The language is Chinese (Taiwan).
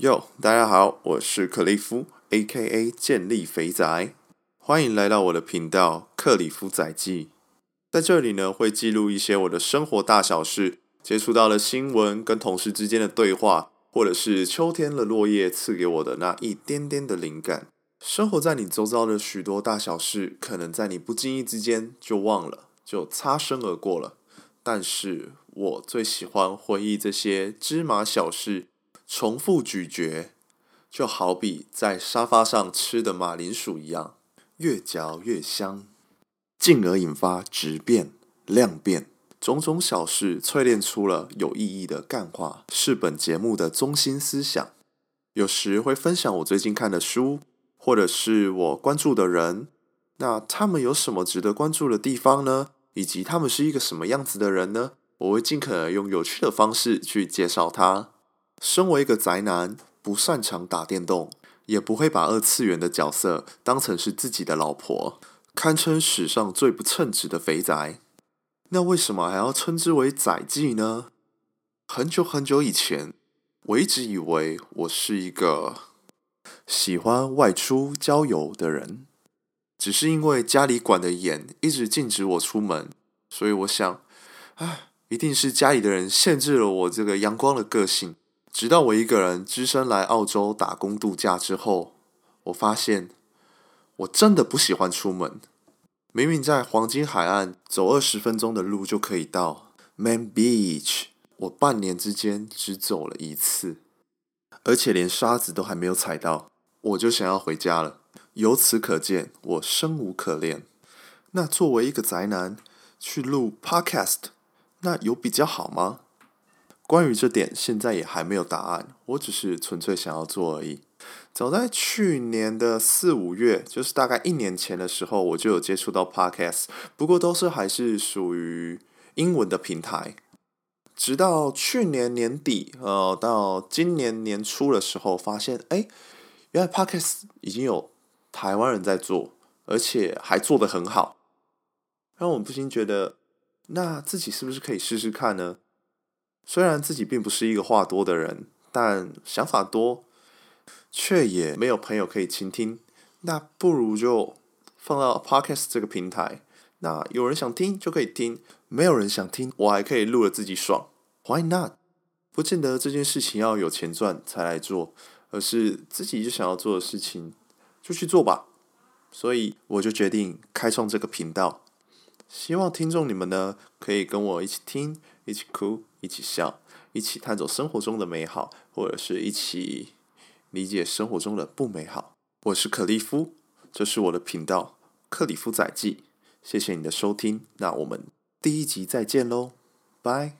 喲，Yo，大家好，我是克利夫，A.K.A. 建立肥宅，歡迎來到我的頻道《克里夫仔記》。在這裡呢，會記錄一些我的生活大小事，接觸到了新聞、跟同事之間的對話，或者是秋天的落葉賜給我的那一點點的靈感。生活在你周遭的許多大小事，可能在你不經意之間就忘了，就擦身而過了。但是我最喜歡回憶這些芝麻小事。重複咀嚼，就好比在沙發上吃的馬鈴薯一樣，越嚼越香，進而引發質變、量變，種種小事淬煉出了有意義的乾話，是本節目的中心思想。有時會分享我最近看的書，或者是我關注的人，那他們有什麼值得關注的地方呢？以及他們是一個什麼樣子的人呢？我會盡可能用有趣的方式去介紹他。身為一個宅男，不擅長打電動，也不會把二次元的角色當成是自己的老婆，堪稱史上最不稱職的肥宅。那為什麼還要稱之為宅記呢？很久很久以前，我一直以為我是一個喜歡外出郊遊的人，只是因為家裡管得嚴，一直禁止我出門，所以我想，啊，一定是家裡的人限制了我這個陽光的個性。直到我一個人只身來澳洲打工度假之後，我發現我真的不喜歡出門。明明在黃金海岸走二十分鐘的路就可以到 Main Beach，我半年之間只走了一次，而且連沙子都還沒有踩到，我就想要回家了。由此可見，我生無可戀。那作為一個宅男，去錄 podcast，那有比較好嗎？關於這點，現在也還沒有答案。我只是純粹想要做而已。早在去年的四五月，就是大概一年前的時候，我就有接觸到 Podcast，不過都是還是屬於英文的平台。直到去年年底，呃，到今年年初的時候，發現，哎、欸，原來 Podcast 已經有台灣人在做，而且還做得很好，讓我不禁覺得，那自己是不是可以試試看呢？雖然自己並不是一個話多的人，但想法多，卻也沒有朋友可以傾聽。那不如就放到 Podcast 這個平台，那有人想聽就可以聽，沒有人想聽，我還可以錄了自己爽。Why not？不見得這件事情要有錢賺才來做，而是自己就想要做的事情，就去做吧。所以我就決定開創這個頻道，希望聽眾你們呢可以跟我一起聽。一起哭，一起笑，一起探索生活中的美好，或者是一起理解生活中的不美好。我是克里夫，這是我的頻道《克里夫載記》，謝謝你的收聽，那我們第一集再見嘍，拜。